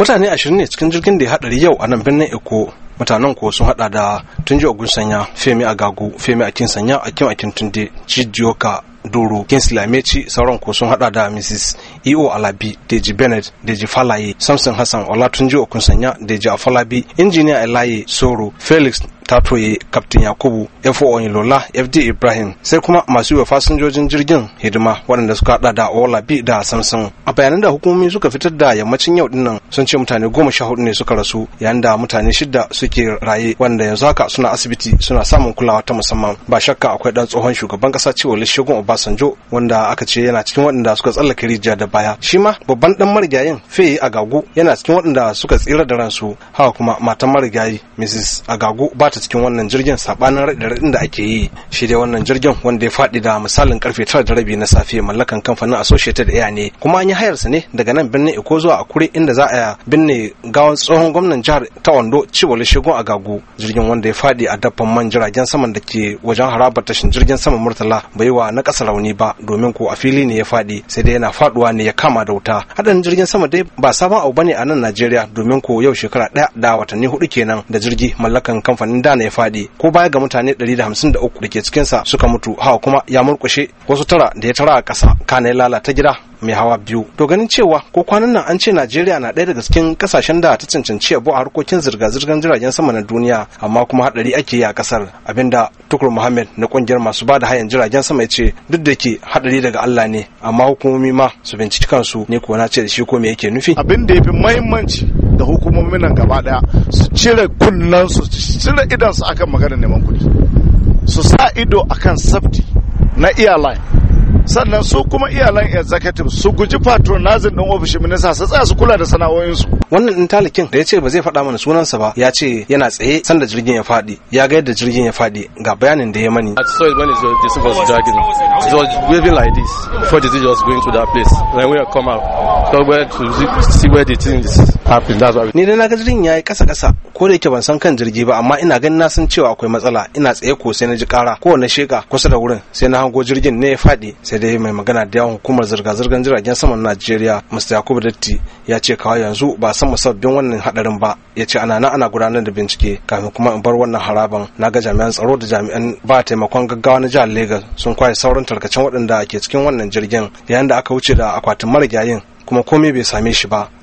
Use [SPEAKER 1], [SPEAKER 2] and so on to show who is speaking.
[SPEAKER 1] mutane ashirin ne cikin jirgin da ya haɗari yau a nan birnin eko mutanen ko sun hada da tunji ogun sanya femi agagu femi akin sanya akin akin tunde cijiyoka doro kin lamechi sauran ko sun hada da mrs eo alabi deji bennett deji falaye samson hassan olatunji okun sanya deji afalabi injiniya elaye soro felix ta toye kaftin yakubu fo lola fd ibrahim sai kuma masu yiwa fasinjojin jirgin hidima waɗanda suka hada da olabi da samson a bayanan da hukumomi suka fitar da yammacin yau dinnan sun ce mutane goma sha hudu ne suka rasu yayin da mutane shida suke raye wanda yanzu haka suna asibiti suna samun kulawa ta musamman ba shakka akwai dan tsohon shugaban kasa cewa lishegun obasanjo wanda aka ce yana cikin waɗanda suka tsallake rijiya da baya shi ma babban dan marigayin feye agagu yana cikin waɗanda suka tsira da ransu haka kuma matan marigayi mrs agagu ba ta mutu cikin wannan jirgin sabanin raɗin da ake yi shi dai wannan jirgin wanda ya faɗi da misalin karfe tara da rabi na safe mallakan kamfanin associated air ne kuma an yi hayarsa ne daga nan birnin iko zuwa akure inda za a binne gawan tsohon gwamnan jihar ta wando ciwole shigon agagu jirgin wanda ya faɗi a dabban man jiragen saman da ke wajen harabar tashin jirgin sama murtala bai wa na ƙasa rauni ba domin ko a fili ne ya faɗi sai dai yana faɗuwa ne ya kama da wuta haɗarin jirgin sama dai ba sabon abu bane a nan najeriya domin ko yau shekara ɗaya da watanni hudu kenan da jirgi mallakan kamfanin da na ya faɗi ko baya ga mutane 153 da ke cikinsa suka mutu hawa kuma ya murkushe wasu tara da ya tara a ƙasa kana ya lalata gida mai hawa biyu to ganin cewa ko kwanan nan an ce najeriya na ɗaya daga cikin kasashen da ta cancanci abu a harkokin zirga-zirgar jiragen sama na duniya amma kuma hadari ake yi a kasar abinda tukur muhammed na kungiyar masu bada hayan jiragen sama ya ce duk da ke hadari daga allah ne amma hukumomi ma su binciki kansu ne ko na ce da shi ko me yake nufi abin da ya fi muhimmanci
[SPEAKER 2] da hukumomin nan gaba daya su cire kunnan su cire idan su akan maganar neman kudi su sa ido akan safety na airline sannan su kuma iyalan executive su guji patronizing din ofishin minista su tsaya su kula da sana'o'insu
[SPEAKER 1] wannan din talikin da ya ce ba zai faɗa mana sunansa ba ya ce yana tsaye sanda jirgin ya faɗi ya ga yadda jirgin ya faɗi ga bayanin da ya mani at saw when is was, the super dragon dragging. It was waving like this before the thing was going to that place. Then when we come out, so where to see where the thing is happening. That's why. Ni da na ga jirgin yayi kasa kasa ko da yake ban san kan jirgi ba amma ina ganin na san cewa akwai matsala ina tsaye ko sai na ji kara ko na sheka kusa da wurin sai na hango jirgin ne ya faɗi sai dai mai magana da yawon hukumar zirga-zirgar jiragen saman najeriya mr yakubu datti ya ce kawai yanzu ba san musabbin wannan hadarin ba ya ce ana ana gudanar da bincike kafin kuma in bar wannan haraban na ga jami'an tsaro da jami'an ba taimakon gaggawa na jihar lagos sun kwaye sauran tarkacen waɗanda ke cikin wannan jirgin yayin da aka wuce da akwatin marigayin kuma komai bai same shi ba